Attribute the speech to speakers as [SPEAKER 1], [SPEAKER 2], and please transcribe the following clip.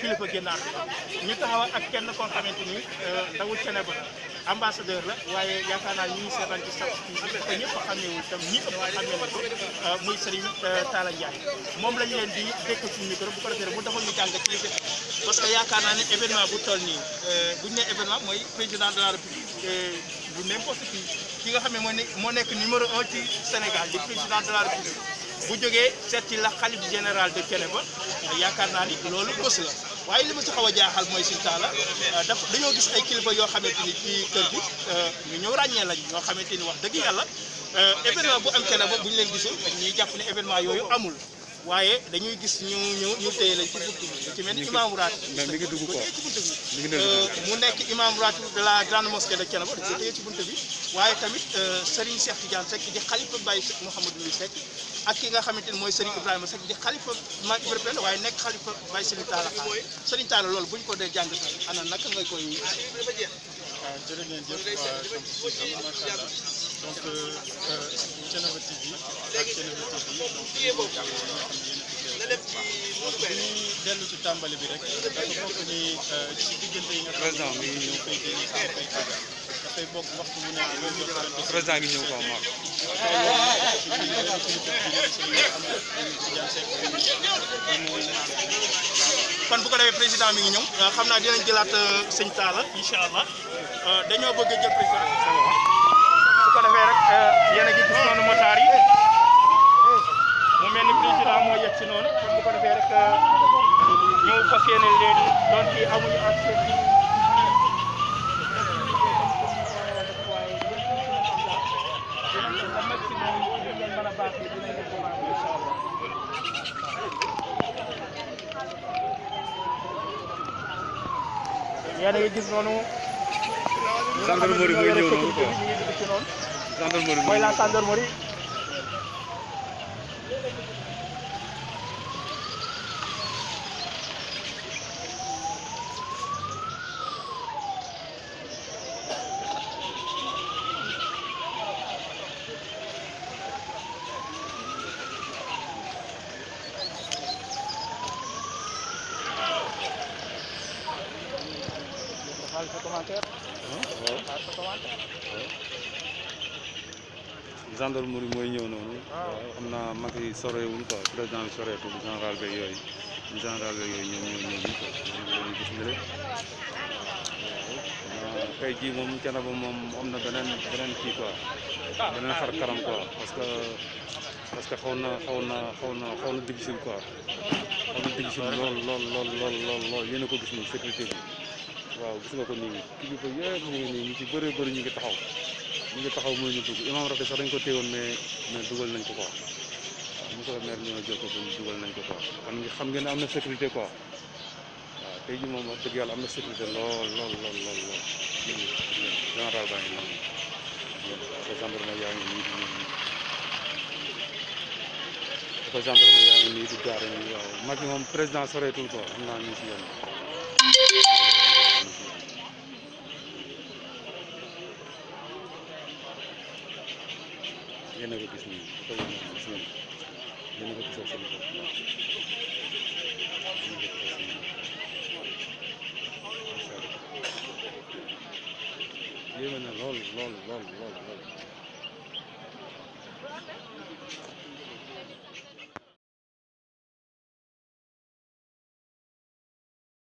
[SPEAKER 1] kilifa génnaat ñu taxawal ak kenn koo xamante ni dawul cene ba ambassadeur la waaye yaakaar naa ñu ngi seetaan ci sax te ñëpp xam ne wu tam ñi ëpp xam ne ko euh, muy euh, di dégg ci micro mu defal ñu jàng ci liggéey parce que yaakaar naa ne événement bu toll nii euh, bu ñu événement mooy président de la république bu n'importe ki nga xam ne moo ne moo nekk numéro un ci Sénégal di président de la république bu jógee seet ci la xalif général de Thiénaba yaakaar naa ni loolu bës la waaye li ma si xaw a jaaxal mooy suñu taala euh, daf dañoo gis ay kilifa yoo xamante ni ci kër gi euh, ñu ñëw ràññee lañ ñoo xamante ni wax dëgg yàlla euh, événement bu am kenn ba bu ñu leen gisul ñuy jàpp ne événement yooyu amul waaye dañuy gis ñu ñu ñu téye la ci buntu bi ci mel ni imam raat mi ngi euh, mu nekk imam raat de la grande mosquée de Thiénaba dañ ko téye bi waaye tamit euh, Serigne Cheikh Tidiane Seck di xalifa Baye Cheikh Mouhamadou Ly Seck ak ki nga xamante ni mooy Serigne Ibrahima Seck di xalifa ma Ibrahima la waaye nekk xalifa Baye Serigne Talla Xaar Serigne Talla loolu buñ ñu ko dee jàng ana naka nga koy waaw ah, ah, jërë ngeen Thiénaba a bu ci tàmbali bi rek dafa bokk ni ci diggante yi ko amaat. bu ko defee président mi ngi ñëw xam naa dinañ jëlaat sëñ Talla incha allah dañoo bëgg jël président su ko defee rek. lucky I will accept you. yéen a ngi gis noonu. gendarmerie mooy ñëw noonu quoi gendarmerie mooy la gendarmerie. Parle sa commentaire. Parle sa commentaire. gendarmerie mooy ñëw noonu. waaw xam naa mag yi sorewuñ quoi président bi soreetul général beeg yooyu général beeg yooyu ñoom ñoo ñëw ñu ko ñu gis nga rek. tey jii moom Thiénaba moom am na beneen beneen kii quoi beneen xar kanam quoi parce que parce que xaw na xaw na xaw na xaw na difficile quoi xaw na difficile lool lool lool lool lool yéen a ko gis nii sécurité bi. waaw gis nga ko nii kilifa yëpp ñu ngi nii ñu ci bëree bëri ñu ngi taxaw ñu ngi taxaw mooy ñu dugg imam Rafi sax dañ ko téewoon mais mais dugal nañ ko quoi waaw monsieur le maire ñoo jël ko ba dugal nañ ko quoi kon xam ngeen ne am na sécurité quoi waaw tey jii moom wax dëgg yàlla am na sécurité lool lool lool lool lool général baa ngi nii oto gendarmerie yaa ngi nii di nii oto gendarmerie yaa ngi nii di gaare nii waaw mag ñi moom président soreetul quoi xam naa ñu si yenn Even a lol, lol, lol, lol, lol.